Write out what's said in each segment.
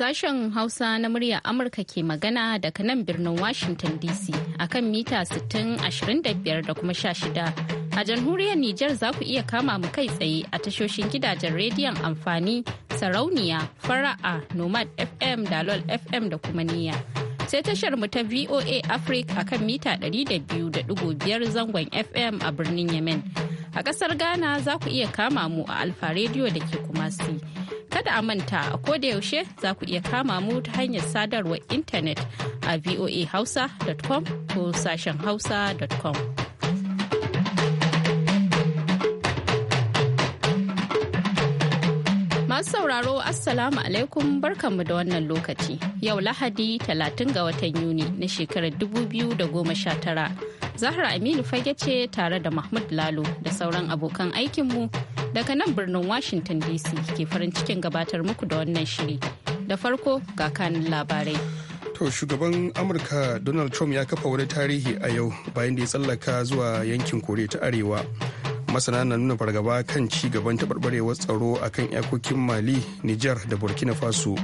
Sashen Hausa na murya Amurka ke magana daga nan birnin Washington DC a kan mita 6025 da kuma 16. A jamhuriyar Nijar za ku iya kama mu kai tsaye a tashoshin gidajen rediyon amfani sarauniya, fara'a, nomad FM, da lol FM da kuma niyya. sai tashar mu ta VOA Africa akan mita 200.5 zangon FM a birnin Yemen. A ƙasar Ghana za ku iya kama mu a Alfa Radio da ke Kumasi. kada a manta a yaushe za ku iya kama mu ta hanyar sadarwar intanet a voahausa.com ko sashen hausa.com. Masu sauraro Assalamu alaikum barkanmu da wannan lokaci. Yau Lahadi 30 ga watan Yuni na shekarar 2019. Zahra Aminu fage ce tare da Mahmud Lalo da sauran abokan aikinmu daga nan birnin Washington DC ke farin cikin gabatar muku da wannan shiri. Da farko ga kanin labarai. To shugaban Amurka Donald Trump ya kafa wani tarihi a yau bayan da ya tsallaka zuwa yankin kore ta Arewa. Masana na nuna fargaba kan ci gaban taɓarɓarewar tsaro a kan iyakokin Mali, Nijar da Burkina Faso.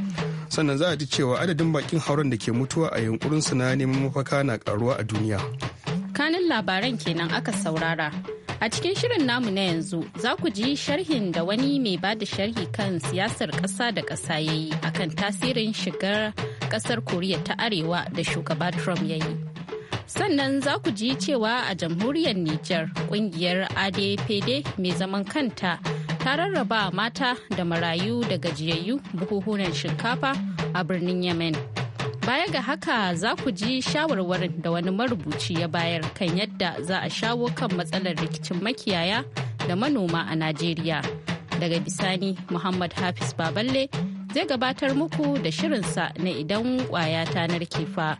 Sannan za a ji cewa adadin bakin hauren da ke mutuwa a yankurinsu na neman mafaka na karuwa a duniya. Kanin labaran kenan aka saurara. A cikin shirin namu na yanzu za ku ji sharhin da wani mai ba da sharhi kan siyasar ƙasa da ƙasa ya yi akan tasirin shigar ƙasar Koriya ta Arewa da shugaba Trump ya yi. Sannan za ku ji cewa a jamhuriyar Nijar ƙungiyar ADPD mai zaman kanta ta rarraba mata da marayu da gajiyayyu buhuhunan shinkafa a birnin Yemen. Baya ga haka za ku ji shawarwarin da wani marubuci ya bayar kan yadda za a shawo kan matsalar rikicin makiyaya da manoma a Najeriya. Daga bisani Muhammad Hafiz Baballe zai gabatar muku da shirinsa na idan kwaya ta narke fa.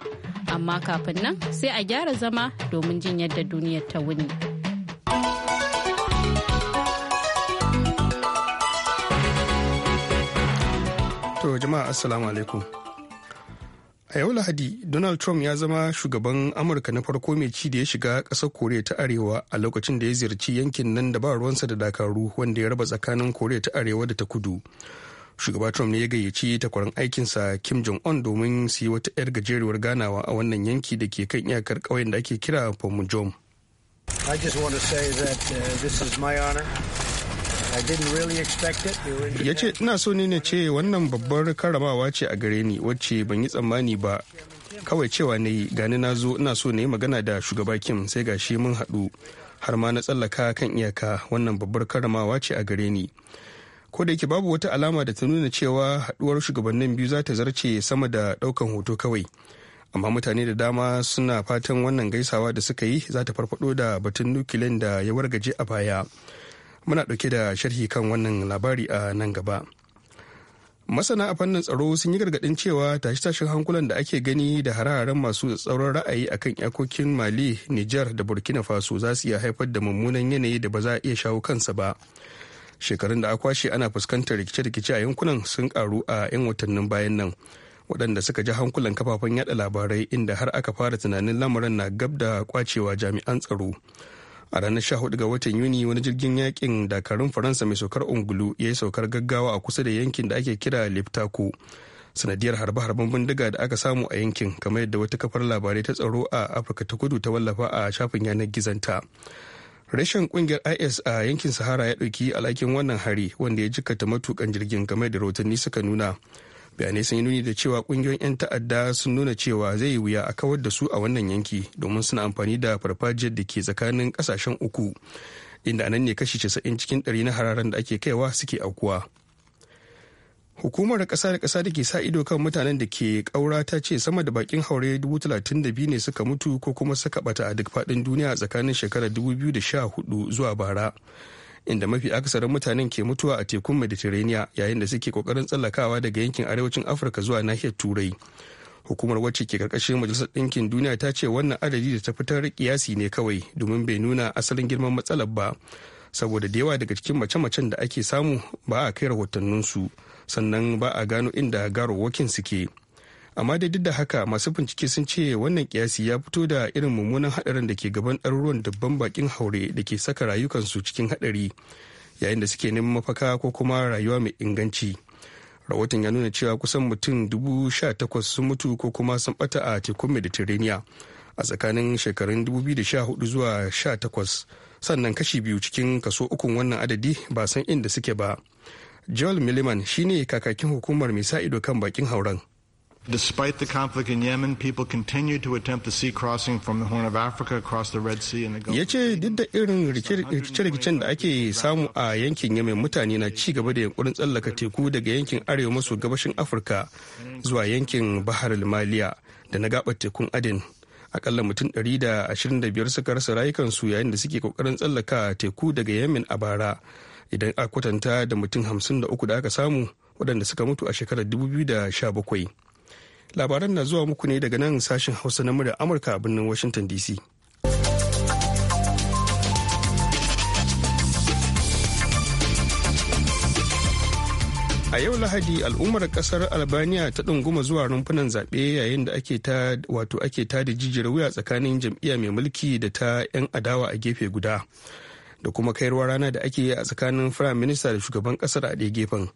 Amma kafin nan sai a gyara zama domin jin yadda duniyar ta wuni. To jama'a Assalamu alaikum. a yau lahadi donald trump ya zama shugaban amurka na farko mai ci da ya shiga ƙasar koriya ta arewa a lokacin da ya ziyarci yankin nan da ba ruwansa da dakaru wanda ya raba tsakanin koriya ta arewa da ta kudu shugaba trump ne ya gayyaci takwarar aikinsa kim jong un domin su yi wata 'yar gajeruwar ganawa a wannan yanki da ke kan iyakar kauyen da ake kira pomujom I just want to say that uh, this is my honor ya ce ina so ne na ce wannan babbar karamawa ce a gare ni wacce ban yi tsammani ba kawai cewa ne gani na zo ina so na yi magana da shugaba kim sai ga shi mun haɗu har ma na tsallaka kan iyaka wannan babbar karamawa ce a gare ni ko da yake babu wata alama da ta nuna cewa haɗuwar shugabannin biyu za ta zarce sama da ɗaukan hoto kawai amma mutane da dama suna fatan wannan gaisawa da suka yi za ta farfado da batun nukilin da ya wargaje a baya muna ɗauke da sharhi kan wannan labari a nan gaba masana a fannin tsaro sun yi gargaɗin cewa tashe-tashen hankulan da ake gani da hararen masu tsauran ra'ayi a kan iyakokin mali niger da burkina faso za su iya haifar da mummunan yanayi da ba za a iya shawo kansa ba shekarun da akwashi ana fuskantar rikice-rikice a yankunan sun karu a 'yan watannin bayan nan waɗanda suka ji hankulan kafafen yada labarai inda har aka fara tunanin lamarin na gab da kwacewa jami'an tsaro a ranar 14 ga watan yuni wani jirgin yakin dakarun faransa mai saukar ungulu ya yi saukar gaggawa a kusa da yankin da ake kira liptako sanadiyar harbe-harben bindiga da aka samu a yankin kamar yadda wata kafar labarai ta tsaro a afirka ta kudu ta wallafa a shafin yanar gizonta rashin kungiyar is a yankin sahara ya ɗauki alhakin wannan hari wanda ya jikkata matukan jirgin kamar da rahotanni suka nuna bayanai sun yi nuni da cewa kungiyoyin 'yan ta'adda sun nuna cewa zai yi wuya a kawar da su a wannan yanki domin suna amfani da farfajiyar da ke tsakanin kasashen uku inda nan ne kashi casa'in cikin ɗari na hararen da ake kaiwa suke aukuwa hukumar ƙasa da ƙasa da ke sa ido kan mutanen da ke kaura ta ce sama da bakin haure 32 ne suka mutu ko kuma suka bata a duk faɗin duniya tsakanin shekarar 2014 zuwa bara inda mafi akasarin mutanen ke mutuwa a tekun mediterania yayin da suke kokarin tsallakawa daga yankin arewacin afirka zuwa nahiyar turai hukumar wacce ke karkashin majalisar ɗinkin duniya ta ce wannan adadi da ta fitar kiyasi ne kawai domin bai nuna asalin girman matsalar ba saboda da yawa daga cikin mace-macen da ake samu ba a kai rahotanninsu sannan ba a gano inda garowakin suke amma dai duk da haka masu bincike sun ce wannan kiyasi ya fito da irin mummunan hadarin da ke gaban ɗaruruwan dabban bakin haure da ke saka rayukansu cikin hadari yayin da suke neman mafaka ko kuma rayuwa mai inganci rahoton ya nuna cewa kusan mutum dubu sha takwas sun mutu ko kuma sun bata a tekun mediterania a tsakanin shekarun 2014 zuwa 18 sannan kashi biyu cikin kaso ukun wannan adadi ba san inda suke ba joel milliman shine kakakin hukumar mai sa ido kan bakin hauren Despite the conflict in Yemen, people continue to attempt the sea crossing from the Horn of Africa across the Red Sea and the Gulf. Yace duk da irin rikice-rikicen da ake samu a yankin Yemen mutane na ci gaba da yankurin tsallaka teku daga yankin arewa maso gabashin Afirka zuwa yankin Bahar Maliya da na gabar tekun Aden. Akalla mutum 125 suka rasa rayukansu yayin da suke kokarin tsallaka teku daga Yemen a bara. Idan a kwatanta da mutum 53 da aka samu waɗanda suka mutu a shekarar 2017. labaran na zuwa muku ne daga nan sashen hausa na murya amurka a birnin washington dc a yau lahadi al'ummar kasar albania ta ɗunguma zuwa rumfunan zaɓe yayin da ake ta wato ake ta da jijiyar wuya tsakanin jam'iyya mai mulki da ta 'yan adawa a gefe guda da kuma kairuwa rana da ake yi a tsakanin firayim minista da shugaban kasar a ɗaya gefen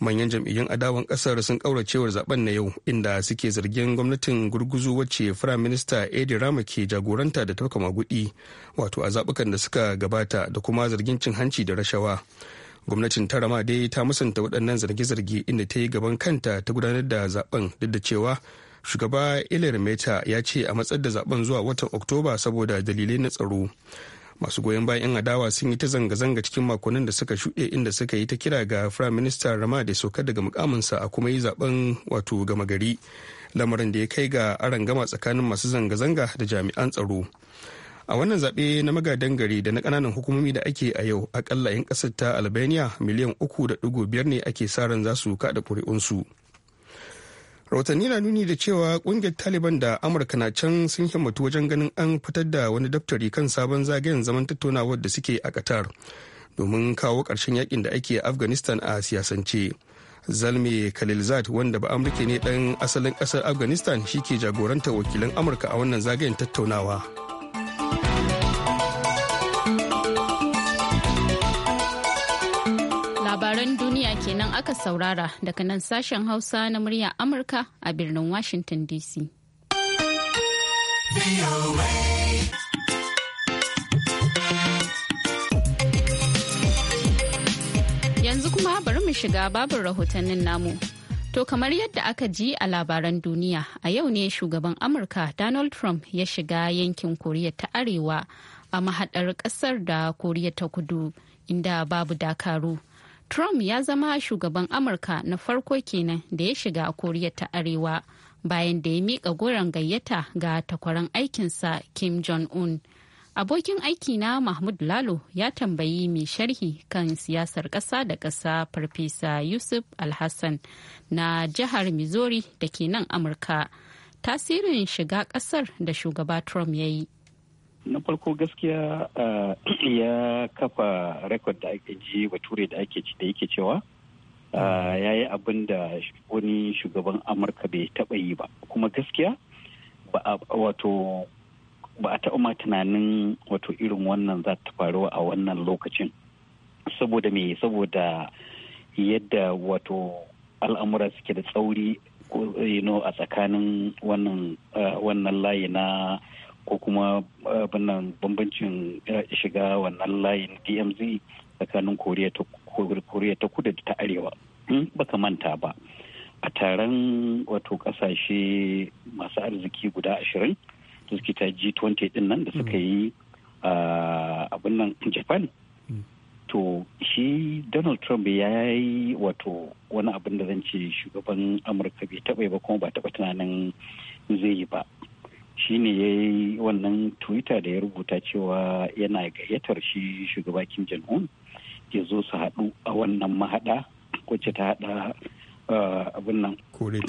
manyan jam'iyyun adawan kasar sun kauracewar zaben na yau inda suke zargin gwamnatin gurguzu wacce firayim minista edi rama ke jagoranta da tafka magudi wato a zabukan da suka gabata da kuma zargin cin hanci da rashawa gwamnatin ta rama dai ta musanta waɗannan zarge-zarge inda ta yi gaban kanta ta gudanar da zaben duk da cewa shugaba ilir meta ya ce a matsar da zaben zuwa watan oktoba saboda dalilai na tsaro masu goyon bayan 'yan adawa sun yi ta zanga-zanga cikin makonnin da suka shuɗe inda suka yi ta kira ga firayim minista rama da sokar daga mukaminsa a kuma yi zaben wato gama gari lamarin da ya kai ga gama tsakanin masu zanga-zanga da jami'an tsaro a wannan zaɓe na magadan gari da na ƙananan hukumomi da ake a yau akalla 'yan ƙasar ta albania miliyan uku da ɗigo biyar ne ake sa ran za su kaɗa ƙuri'unsu. rahotanni na nuni da cewa kungiyar taliban da amurka na can sun himmatu wajen ganin an fitar da wani daftari kan sabon zagayen zaman tattaunawar da suke a qatar domin kawo karshen yakin da ake afghanistan a siyasance zalme khalilzad wanda ba amurka ne dan asalin ƙasar afghanistan shi ke jagorantar wakilan amurka a wannan zagayen tattaunawa labaran duniya kenan aka saurara daga nan sashen Hausa na murya Amurka a birnin Washington DC. Yanzu kuma bari mu shiga babin rahotannin namu. To kamar yadda aka ji a labaran duniya a yau ne shugaban Amurka Donald Trump ya shiga yankin Koriya ta Arewa a mahaɗar ƙasar da Koriya ta Kudu inda babu dakaru. Trump ya zama shugaban Amurka na farko kenan da ya shiga Koriya ta Arewa bayan da ya miƙa goron gayyata ga takwaran aikinsa Kim Jong-un. Abokin aikina Mahmud Lalo ya tambayi mai sharhi kan siyasar ƙasa da ƙasa Farfesa Yusuf Alhassan na jihar Missouri da ke nan Amurka. Tasirin shiga ƙasar da shugaba Trump ya yi. na farko gaskiya eh, ya kafa rekod da ake ji bature da ake da yake cewa eh, ya yi abin da wani shugaban amurka bai taba yi ba kuma gaskiya ba a taɓa ma tunanin wato irin wannan za ta faru a wannan lokacin saboda me saboda yadda wato al'amura suke da tsauri a tsakanin wannan eh, layi na ko kuma eh, abin bambancin eh, shiga wannan layin dmz tsakanin koriya ta kudu da ta arewa hmm, baka manta ba a taron wato kasashe masu arziki guda ashirin da suke ta g20 din nan da suka hmm. yi ah, abin nan japan hmm. to shi donald trump ya yi wato wani abin da zan ce shugaban amurka bai taɓa ba kuma ba taba tunanin zai yi ba shine ya yi wannan twitter da ya rubuta cewa yana gayyatar shi shugaba kim jong un ya zo su haɗu a wannan mahaɗa ko ce ta haɗa uh, abin nan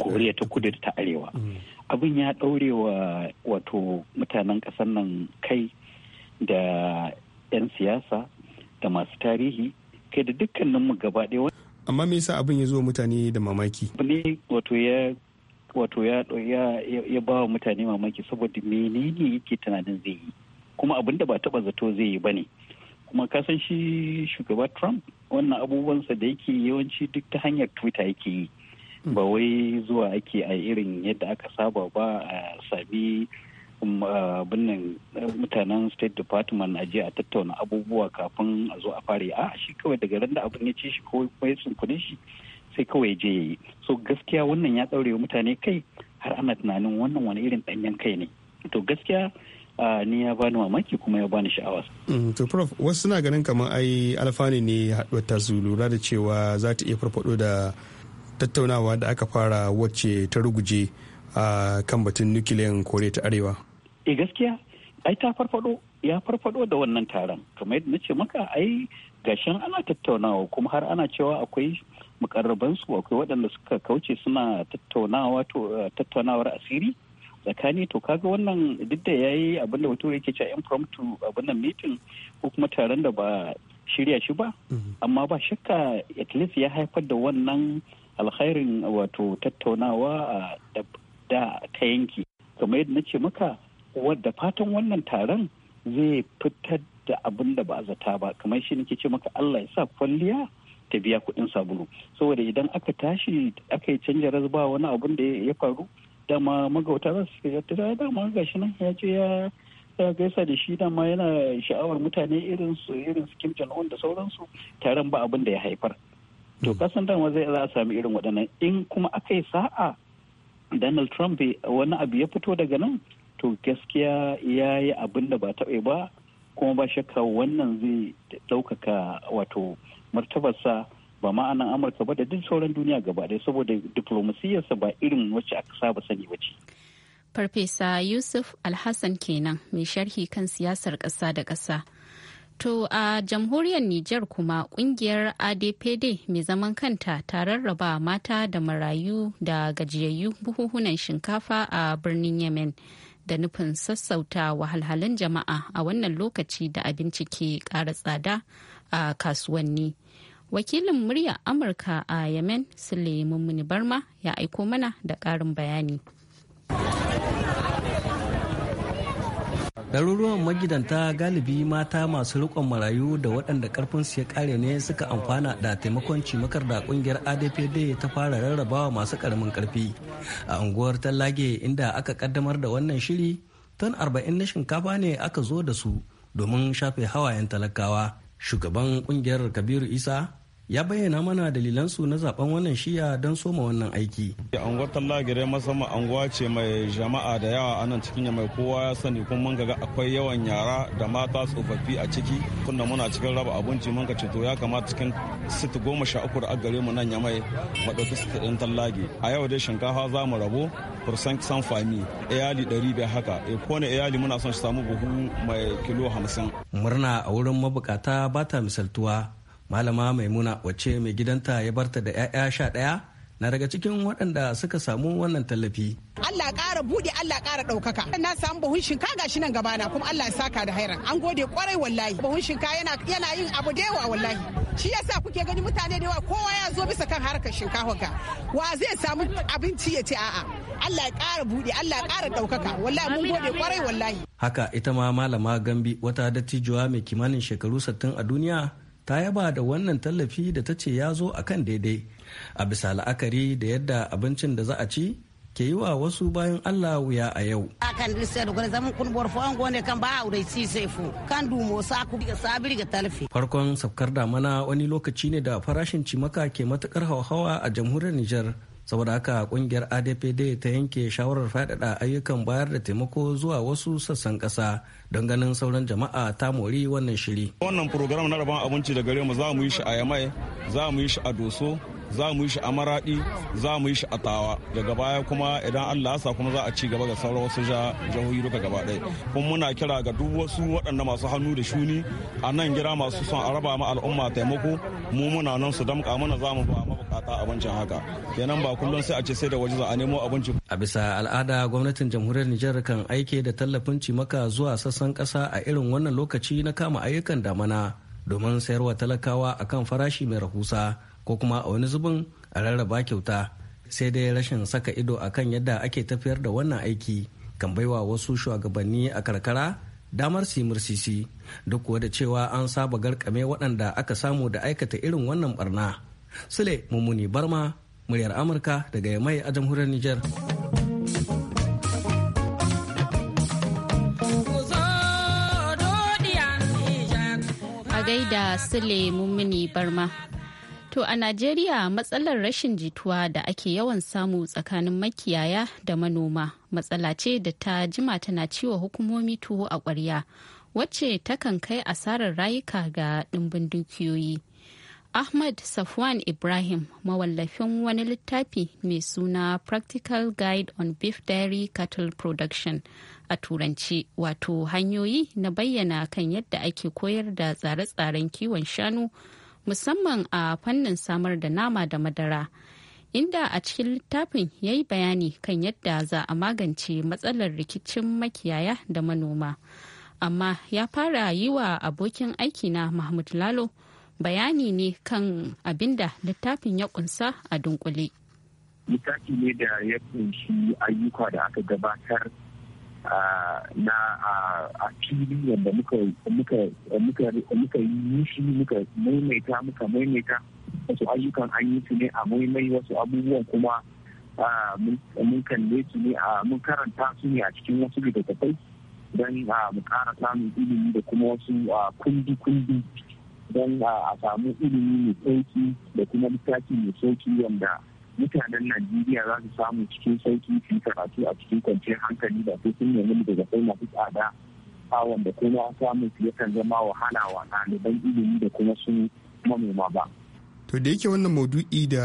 koriya ta kudu ta arewa mm. abin ya ɗaure wa wato mutanen ƙasar nan kai da 'yan siyasa da masu tarihi kai da dukkaninmu gaba ɗaya amma me yasa abin ya zo mutane da mamaki ne wato ya wato ya ya ba wa mutane mamaki saboda menene yake tunanin zai yi kuma abin da ba taba zato zai yi bane kuma ka san shi shugaba Trump wannan abubuwansa da yake yawanci duk ta hanyar Twitter yake yi hmm. ba wai zuwa ake a irin yadda aka saba ba a sami um, nan mutanen state department a je a tattauna abubuwa kafin a zo a fara a shi kawai daga randa da abin ya ci shi ko kuma ya tsunkune shi sai kawai je ya yi so gaskiya wannan ya ɗaure mutane kai har ana tunanin wannan wani irin ɗanyen kai ne to gaskiya ni ya bani mamaki kuma ya bani sha'awa. Mm, to prof wasu suna ganin kamar ai alfani ne haɗuwar ta lura da cewa za ta iya farfaɗo da tattaunawa da aka fara wacce ta ruguje a kan batun nukiliyan kore ta arewa. e gaskiya ai ta farfaɗo ya farfaɗo da wannan taron kamar yadda na ce maka ai gashin ana tattaunawa kuma har ana cewa akwai mukarrabansu akwai waɗanda suka kauce suna eh, tattaunawar asiri tsakani to kaga wannan duk da yayi abinda bature yake cewa impromptu abin nan meeting ko kuma taron da ba shirya shi ba mhm. amma ba shakka at least ya haifar da wannan alkhairin wato tattaunawa ah, da ta yanki kamar yadda na ce maka wadda fatan wannan taron zai fitar da abinda ba a zata ba kamar shi nake ce maka Allah ya sa kwalliya ta biya kuɗin sabulu saboda idan aka tashi aka yi canja rasba wani abun da ya faru dama magauta za su ya tura dama shi nan ya ce ya gaisa da shi dama yana sha'awar mutane irin su irin su Kim Jong Un da sauransu taron ba abun da ya haifar to hmm. kasan dama zai za a sami irin waɗannan in kuma aka yi sa'a Donald Trump wani abu ya fito daga nan to gaskiya ya yi abin da ba taɓa ba kuma ba shakka wannan zai ɗaukaka wato martabarsa ba ma'anan amurka ba da duk sauran duniya gaba ɗaya saboda diplomasiyarsa ba irin wacce aka saba sani ba ce. farfesa yusuf alhassan kenan mai sharhi kan siyasar ƙasa da ƙasa To a jamhuriyar Nijar kuma kungiyar ADPD mai zaman kanta ta rarraba mata da marayu da gajiyayyu buhuhunan shinkafa a birnin Yemen. da nufin sassauta wahalhalun jama'a a wannan lokaci da abinci ke ƙara tsada a kasuwanni. Wakilin murya Amurka a Yemen Suleiman Barma ya aiko mana da ƙarin bayani. Ɗaruruwan magidanta galibi mata masu riƙon marayu da waɗanda ƙarfinsu ya ƙare ne suka amfana da taimakon cimakar da ƙungiyar ADPD ta fara rarrabawa masu ƙaramin ƙarfi. A unguwar Tallage inda aka ƙaddamar da wannan shiri, ton arba'in na shinkafa ne aka zo da su domin shafe hawayen talakawa. Shugaban ƙungiyar Kabiru Isa ya bayyana mana dalilansu na zaben wannan shiya don soma wannan aiki. Anguwar gire masamman anguwa ce mai jama'a da yawa a nan cikin mai kowa ya sani kuma mun ga akwai yawan yara da mata tsofaffi a ciki tunda muna cikin raba abinci mun ga ceto ya kamata cikin siti goma sha uku da a gare mu nan mai mu ɗauki siti ɗin Tallage. A yau dai shinkafa za mu rabo kursan san fami iyali ɗari biyar haka e iyali muna son su samu buhu mai kilo hamsin. Murna a wurin mabukata ba ta misaltuwa malama maimuna wacce mai gidanta ya barta da 'ya'ya sha ɗaya na daga cikin waɗanda suka samu wannan tallafi. Allah ƙara buɗe Allah ƙara ɗaukaka. Na samu buhun shinka ga shi nan gabana kuma Allah ya saka da hairan. An gode kwarai wallahi. Buhun shinka yana yana yin abu da yawa wallahi. Shi ya sa kuke gani mutane da yawa kowa ya zo bisa kan harkar shinkafa ga. Wa zai samu abinci ya ce a'a. Allah ya ƙara buɗe Allah ya ƙara ɗaukaka. Wallahi mun gode kwarai wallahi. Haka ita ma malama Gambi wata dattijuwa mai kimanin shekaru 60 a duniya ta yaba da wannan tallafi da ta ce ya zo a kan daidai a bisa la'akari da yadda abincin da za a ci ke yi wa wasu bayan Allah wuya a yau. Akan da gwada zaman kun borfo an kan ba a wurai si fu kan dumo sa ku diga sabiri ga talfi. Farkon saukar damana wani lokaci ne da farashin cimaka ke matukar hauhawa a jamhuriyar Nijar. saboda haka kungiyar adpd ta yanke shawarar faɗaɗa ayyukan bayar da taimako zuwa wasu sassan ƙasa don ganin sauran jama'a ta mori wannan shiri wannan program na rabon abinci da gare mu za mu yi shi a yamai za mu yi shi a doso za mu yi shi a maradi za mu yi shi a tawa daga baya kuma idan allah sa kuma za a ci gaba ga sauran wasu jihohi duka gaba ɗaya kuma muna kira ga duk wasu waɗanda masu hannu da shuni a nan gira masu son a raba ma al'umma taimako mu muna nan su damƙa mana za mu ba mabukata abincin haka kenan ba kullum sai a ce sai da waje za a nemo abinci. a bisa al'ada gwamnatin jamhuriyar nijar kan aike da tallafin cimaka zuwa sassan ƙasa a irin wannan lokaci na kama ayyukan damana domin sayarwa talakawa akan farashi mai rahusa ko kuma a wani zubin a rarraba kyauta sai dai rashin saka ido a kan yadda ake tafiyar da wannan aiki kan baiwa wasu shugabanni a karkara damar su mursisi duk kuwa da cewa an saba garkame waɗanda aka samu da aikata irin wannan barna sule mummuni barma muryar amurka daga yamai a jamhuriyar niger a gaida sule mummuni barma To a Najeriya matsalar rashin jituwa da ake yawan samu tsakanin makiyaya da manoma matsala ce da ta jima tana ciwo hukumomi tuwo a ƙwarya wacce takan kai asarar rayuka ga ɗimbin dukiyoyi. Ahmad Safwan Ibrahim mawallafin wani littafi mai suna Practical Guide on Beef Dairy Cattle Production a Turanci wato hanyoyi na bayyana kan yadda ake koyar da tsare-tsaren kiwon shanu. musamman a fannin samar da nama da madara inda a cikin littafin ya yi bayani kan yadda za a magance matsalar rikicin makiyaya da manoma amma ya fara yi wa abokin aikina mahmud lalo bayani ne kan abinda littafin ya kunsa a dunkule littafi ne da ya kunshi ayyuka da aka gabatar na a fili yadda muka yi shi muka maimaita muka maimaita wasu ayyukan an yi su ne a maimai wasu abubuwan kuma mun kalle su ne a mun karanta su ne a cikin wasu littattafai don mu kara samun ilimi da kuma wasu kundi-kundi don a samu ilimi mai sauki da kuma littafi mai sauki wanda mutanen najeriya za su samu cikin sauki su karatu a cikin kwanciyar hankali da sun nemi da kai masu tsada a wanda kuma samun su yakan zama wahala wa ɗaliban ilimi da kuma sun manoma ba to da yake wannan maudu'i da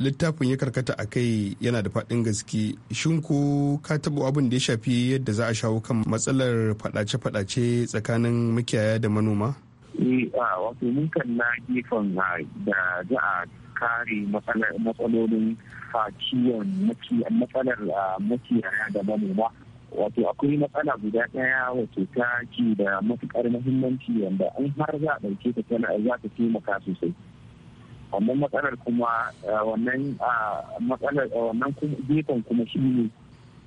littafin ya karkata a kai yana da faɗin gaske shin ko ka taɓa abin da ya shafi yadda za a shawo kan matsalar faɗace-faɗace tsakanin makiyaya da manoma? eh wato mun kalla na gefen da za a kare matsalolin kiwon matsalar makiyaya da manoma wato akwai matsala guda ɗaya wato ta ke da matuƙar muhimmanci wanda an har za a ɗauke ta tana za ta taimaka sosai wannan matsalar kuma wannan matsalar wannan gefen kuma shi ne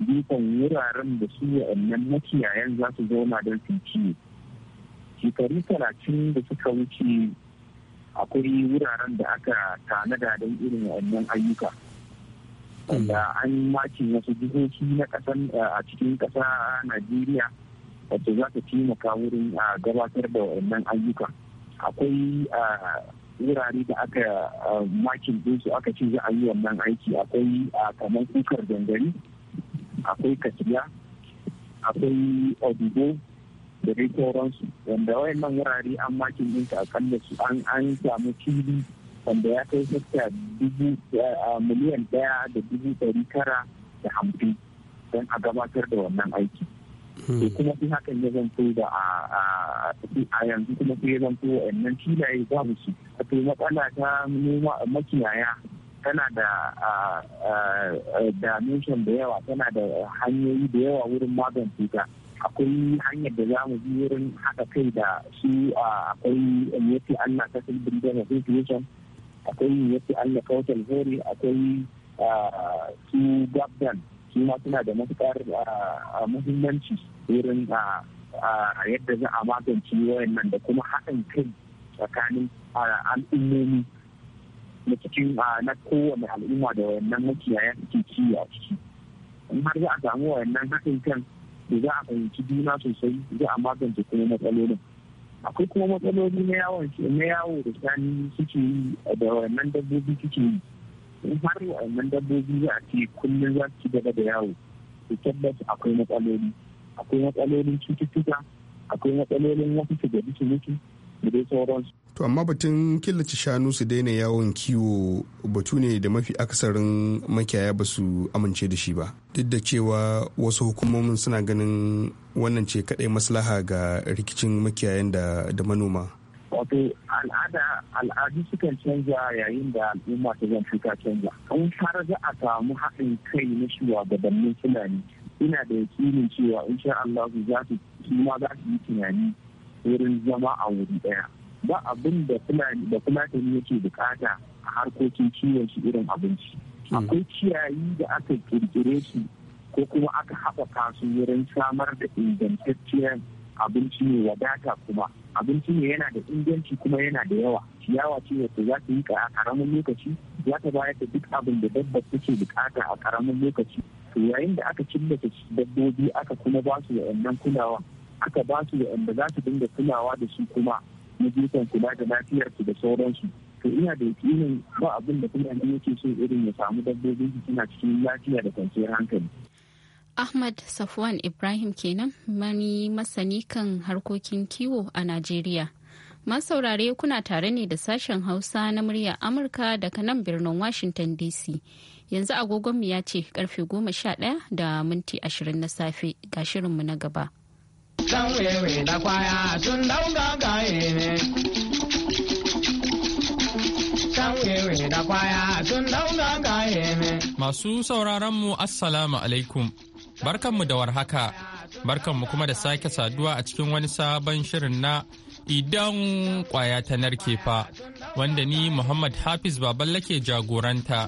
gefen wuraren da su wa'annan makiyayan za su zauna don su ciwo shekaru talatin da suka wuce akwai wuraren da aka tanada don irin wannan ayyuka Da an maki wasu jihohi na kasan a cikin kasa najeriya wacce za ta taimaka wurin gabatar da wannan ayyuka akwai wurare da aka makin dinsu aka ce za a yi wannan aiki akwai kamar kukar gangari akwai katiya akwai odubo da dai sauransu wanda wannan wurare an makin ɗinka akalla su an an samu fili wanda ya kai sassa dubu miliyan ɗaya da dubu ɗari tara da hamsin don a gabatar da wannan aiki. Sai hmm. kuma haka hakan ya zanto da a yanzu kuma sai ya zanto yannan filaye babu su. Wato matsala ta noma makiyaya tana da dimension da yawa tana da hanyoyi da yawa wurin magance ta. akwai hanyar da za mu bi wurin haɗa kai da su akwai yafi allah ta sulbin da association akwai yafi allah kautal hori akwai su gabdan su ma suna da matuƙar muhimmanci wurin yadda za a magance nan da kuma haɗin kai tsakanin al'ummomi na cikin na kowane al'umma da wayannan makiyaya suke kiyaye a ciki in har za a samu wayannan haɗin kan za a fahimci juna sosai za a magance kuma matsalolin akwai kuma matsaloli na yawon na yawo da sani suke yi da wannan dabbobi suke yi in har wannan dabbobi za a ce kullum za su ci gaba da yawo to tabbas akwai matsaloli akwai matsalolin cututtuka akwai matsalolin wasu su gaji su mutu da dai sauransu to amma batun killace shanu su daina yawon kiwo batu ne da mafi akasarin makiyaya ba su amince da shi ba duk da cewa wasu hukumomin suna ganin wannan ce kadai maslaha ga rikicin makiyayan da manoma wato al'ada al'adu sukan canza yayin da al'umma ta zan fita canza in fara za a samu haɗin kai na shugabannin tunani. ina da yakinin cewa insha Allah za su ma za su yi tunani wurin zama a wuri ɗaya ba abin da fulani da yake bukata a harkokin ciwon shi irin abinci hmm. akwai ciyayi da aka kirkire shi ko kuma aka haɓaka su wurin samar da ingantacciyar abinci ne wadata kuma abinci ne yana da inganci kuma yana da yawa ciyawa ce wacce za ta yi a karamin lokaci za ta bayar da duk abin da dabba take bukata a karamin lokaci to yayin da aka killace dabbobi aka kuma ba su wa'annan kulawa aka ba su wa'anda za su dinga kulawa da su kuma na dukan kula da ku da sauransu to ina da yakinin ba abin da kuma ne yake so irin ya samu dabbobin su suna cikin lafiya da kwanciyar hankali Ahmad Safwan Ibrahim kenan mani masani kan harkokin kiwo a Najeriya. saurare kuna tare ne da sashen Hausa na murya Amurka daga nan birnin Washington DC. Yanzu agogonmu ya ce karfe 11 da minti 20 na safe ga shirinmu na gaba. San wewe da kwaya sun ne masu sauraron mu assalamu alaikum barkanmu da warhaka barkanmu kuma da sake saduwa a cikin wani sabon shirin na idan kwaya ta narke fa wanda ni muhammad hafiz baballe ke jagoranta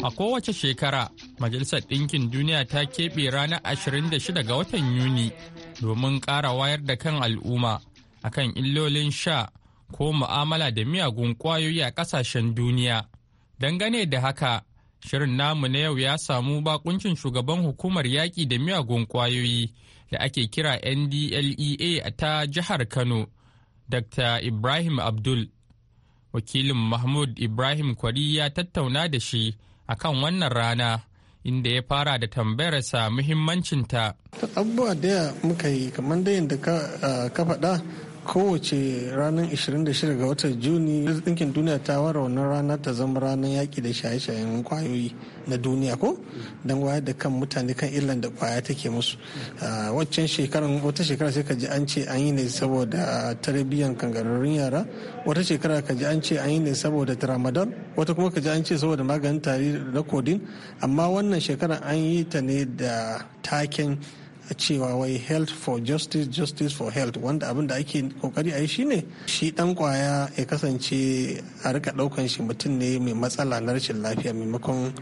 A kowace shekara, Majalisar Ɗinkin Duniya ta keɓe ranar 26 ga watan Yuni domin ƙara wayar da kan al'umma akan illolin sha ko mu'amala da miyagun ƙwayoyi a ƙasashen duniya. Dangane da haka, shirin namu na yau ya samu bakuncin shugaban hukumar yaƙi da miyagun ƙwayoyi da ake kira NDLEA ta jihar Kano, Dr. Ibrahim Abdul. wakilin mahmud ibrahim kwari ya tattauna da shi a kan wannan rana inda ya fara da tambayarsa muhimmancinta abubuwa daya muka yi kamar da yadda ka ah, faɗa kowace ranar 26 ga watan juni ɗinkin duniya ta ware wannan rana ta zama ranar yaƙi da shaye-shayen kwayoyi na duniya ko don wayar da kan mutane kan illan da kwaya take musu waccan shekarar wata shekara sai ka ji an ce an yi ne saboda tarbiyyar kangararrun yara wata shekara ka ji an ce an yi ne saboda tramadol wata kuma ka an ce saboda maganin tari na kodin amma wannan shekarar an yi ta ne da taken a cewa wai health for justice justice for health wanda abin da ake kokari a yi shine shi dan kwaya ya kasance a rika daukan shi mutum ne mai matsala na rashin lafiya maimakon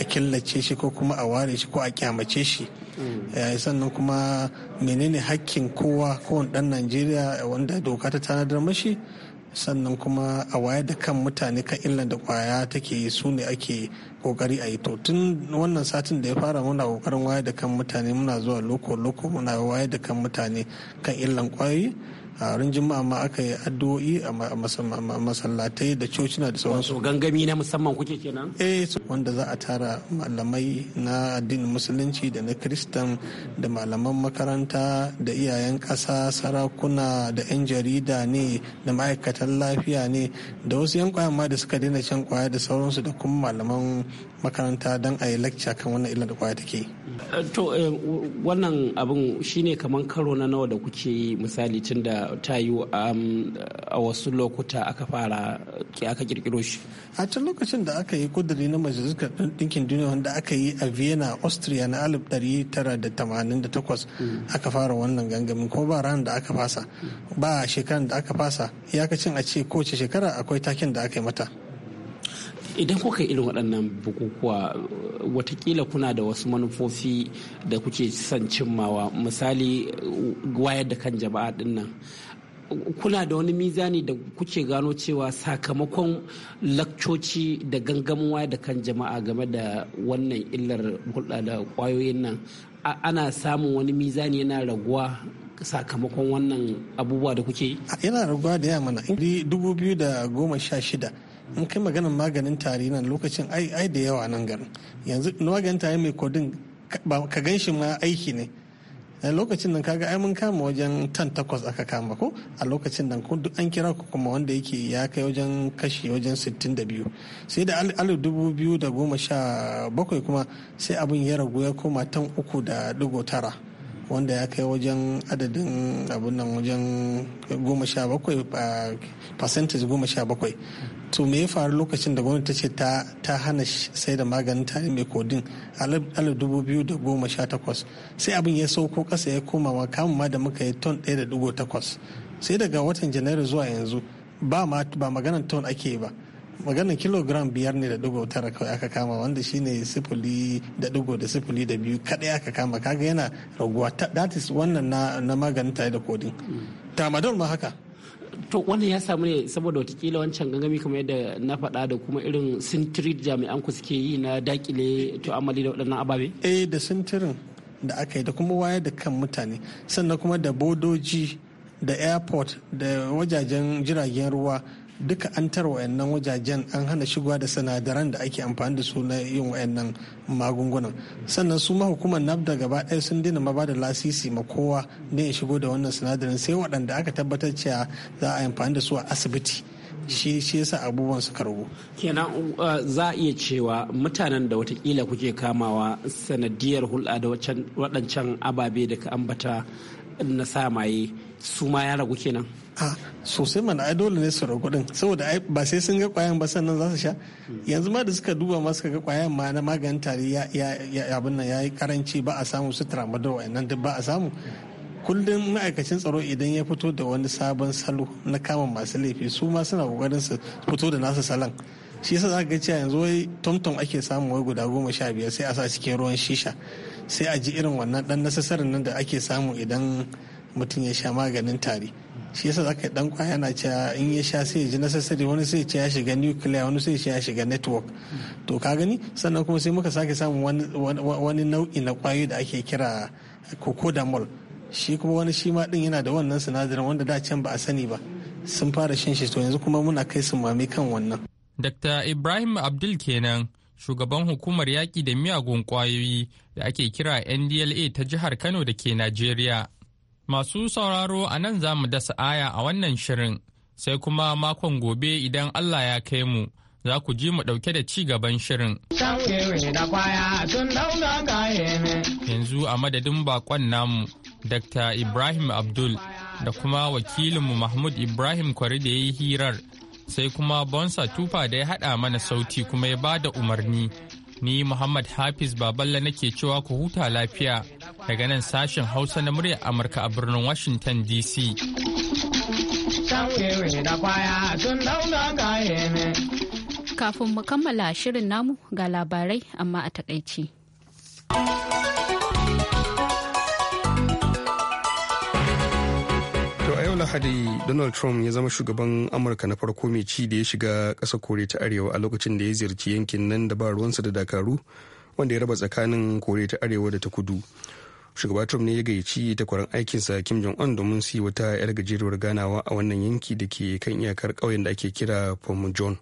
a killace shi ko kuma a ware shi ko a kyamace shi mm. eh, sannan kuma menene hakkin kowa kowane dan najeriya wanda doka ta tanadar mashi sannan kuma a wayar da kan mutane kan illan da kwaya take su ne ake kokari a yi to tun wannan satin da ya fara muna kokarin wayar da kan mutane muna zuwa loko loko muna wayar da kan mutane kan illan kwayoyi a rinjima juma'a ma aka yi addu'o'i a masallatai da cocina da sauransu gangami na musamman kuke kenan eh wanda za a tara malamai na addinin musulunci da na kristan da malaman makaranta da iyayen ƙasa sarakuna da 'yan jarida ne da ma'aikatan lafiya ne da wasu 'yan kwaya ma da suka daina can kwaya da sauransu da kuma malaman makaranta don a yi lakca kan wannan illar da kwaya take eh, to eh, wannan abin shine kamar karo na nawa da kuke misali tun da ta yi um, a wasu lokuta aka fara ke aka kirkiro shi a can lokacin da aka yi kuduri na majalisar ɗinkin duniya wanda aka yi a vienna austria na 1988 mm. aka fara wannan gangamin ko ba ran da aka fasa ba shekaran da aka fasa ya cin a ce kowace shekara akwai takin da aka yi mata idan kuka yi irin waɗannan bukukuwa watakila kuna da wasu manufofi da kuke son cimmawa misali wayar da kan jama'a dinnan kuna da wani mizani da kuke gano cewa sakamakon lakcoci da gangamin waya da kan jama'a game da wannan illar hulɗa da ƙwayoyin nan ana samun wani mizani yana raguwa sakamakon wannan abubuwa da kuke yi? yana raguwa da yamma na dubu goma sha shida in kai maganin maganin tari nan lokacin ai da yawa nan garin yanzu maganin tari mai kodin ka gan shi ma aiki ne lokacin nan kaga ai mun kama wajen tan takwas aka kama ko a lokacin nan ko duk an kira ku kuma wanda yake ya kai wajen kashi wajen 62 sai da alu dubu biyu da goma sha bakwai kuma sai abin ya ragu ya koma tan uku da digo tara wanda ya kai wajen adadin abin nan wajen goma sha bakwai percentage goma sha bakwai to me ya faru lokacin da gwamnati ta ce ta hana sai da maganin tari mai kodin alif dubu biyu da goma sha takwas sai abin ya sauko kasa ya koma ma kamun ma da muka yi ton ɗaya da dugo takwas sai daga watan janairu zuwa yanzu ba ma ton ake ba maganar kilogram biyar ne da digo tara kawai aka kama wanda shine sifili da digo da sifili da biyu kadai aka kama kaga yana raguwa that is wannan na, na maganin tare da kodin tamadol ma haka to wannan ya samu ne saboda watakila wancan gangami kamar yadda na faɗa da kuma irin sintirin jami'an ku suke yi na dakile amali da waɗannan ababe eh da sintirin da aka yi da kuma wayar da kan mutane sannan kuma da bodoji da airport da wajajen jiragen ruwa duka an tara wayannan wajajen an hana shigowa da sinadaran da ake amfani da su na yin wayannan magungunan sannan su ma hukumar nafda gaba ɗaya sun dina ma da lasisi ma kowa ne ya shigo da wannan sinadarin sai waɗanda aka tabbatar cewa za a yi amfani da su a asibiti shi shi yasa abubuwan su karbo kenan uh, za a iya cewa mutanen da watakila kuke kamawa sanadiyar hulɗa da waɗancan ababe da ka ambata na samaye su ma ya ragu kenan a sosai mana ai dole ne su roƙo din saboda ba sai sun ga kwayan ba sannan za su sha yanzu ma da suka duba ma suka ga kwayan ma na maganin tari ya abin nan ya yi karanci ba a samu su tramadol wa'annan duk ba a samu kullum ma'aikacin tsaro idan ya fito da wani sabon salo na kama masu laifi su ma suna kokarin su fito da nasu salon shi yasa zaka ga cewa yanzu wai tomtom ake samu wai guda goma sha biyar sai a sa cikin ruwan shisha sai a ji irin wannan dan nasasarin nan da ake samu idan mutum ya sha maganin tari shi yasa zaka dan kwaya na cewa in ya sha sai ji necessary wani sai ce ya shiga nuclear wani sai ce ya shiga network to ka gani sannan kuma sai muka sake samun wani nau'i na kwayoyi da ake kira cocodamol shi kuma wani shi ma din yana da wannan sinadarin wanda da can ba a sani ba sun fara shan shi to yanzu kuma muna kai su mami kan wannan dr ibrahim abdul kenan shugaban hukumar yaƙi da miyagun kwayoyi da ake kira ndla ta jihar kano da ke najeriya Masu sauraro a nan za mu dasa aya a wannan shirin, sai kuma makon gobe idan Allah ya kai mu. Za ku ji mu ɗauke da ci gaban shirin. Yanzu a madadin bakon namu, Dr. Ibrahim Abdul da kuma wakilinmu Mahmud Ibrahim Kwari da ya yi hirar, sai kuma Bonsa Tufa da ya haɗa mana sauti kuma ya ba da umarni. Ni Muhammad Hafiz Baballa nake cewa ku huta lafiya daga nan sashen Hausa na muryar Amurka a birnin Washington DC. Kafin mu kammala shirin namu ga labarai amma a takaici. lahadi donald trump ya zama shugaban amurka na farko mai ci da ya shiga ƙasa kore ta arewa a lokacin da ya ziyarci yankin nan da ba ruwansa da dakaru wanda ya raba tsakanin kore ta arewa da ta kudu shugaba trump ne ya gayyaci takwaran aikinsa kim jong un domin su yi wata yar gajeruwar ganawa a wannan yanki da ke kan iyakar ƙauyen da ake kira pomujon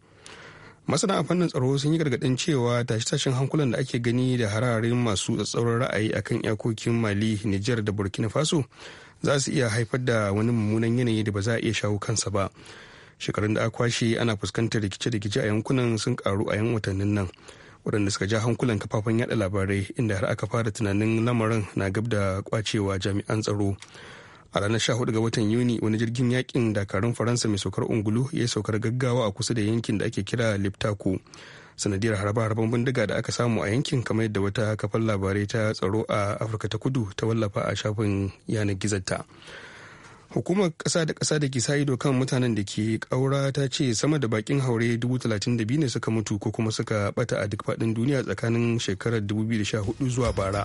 masana a fannin tsaro sun yi gargaɗin cewa tashe-tashen hankulan da ake gani da hararin masu tsatsauran ra'ayi akan iyakokin mali niger da burkina faso za su iya haifar da wani mummunan yanayi da ba za a iya shawo kansa ba shekarun da aka kwashe ana fuskantar rikice-rikice a yankunan sun karu a yan watannin nan waɗanda suka ja hankulan kafafen yaɗa labarai inda har aka fara tunanin lamarin na gab da kwacewa jami'an tsaro a ranar 14 ga watan yuni wani jirgin yakin dakarun faransa mai saukar ungulu ya saukar gaggawa a kusa da yankin da ake kira liptako sanadiyar harbe-harben bindiga da aka samu a yankin kamar yadda wata kafar labarai ta tsaro a afirka ta kudu ta wallafa a shafin yanar gizonta hukumar kasa da kasa da ke sa ido kan mutanen da ke kaura ta ce sama da bakin haure 32 ne suka mutu ko kuma suka bata a duk faɗin duniya tsakanin shekarar 2014 zuwa bara.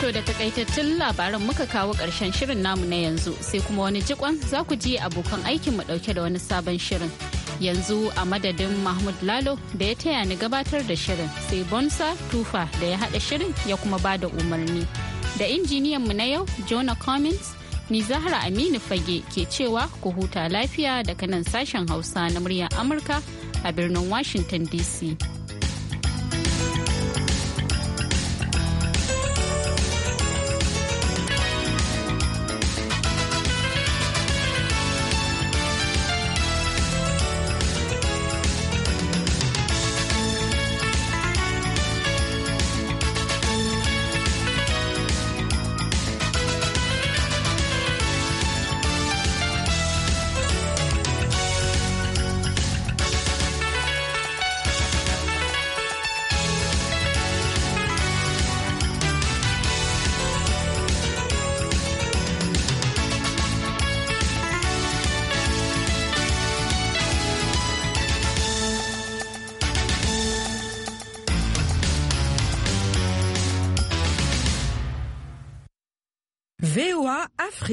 To da takaitattun labaran muka kawo ƙarshen shirin namu na yanzu sai kuma wani jikon za ku ji abokan aikin mu ɗauke da wani sabon shirin. yanzu a madadin mahmud lalo da ya taya ni gabatar da shirin sai bonsa tufa da ya hada shirin ya kuma ba da umarni da injiniyan mu na yau jona cummins ni zahra aminu fage ke cewa ku huta lafiya daga nan sashen hausa na muryar amurka a birnin washington dc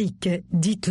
Afrique, dites-le.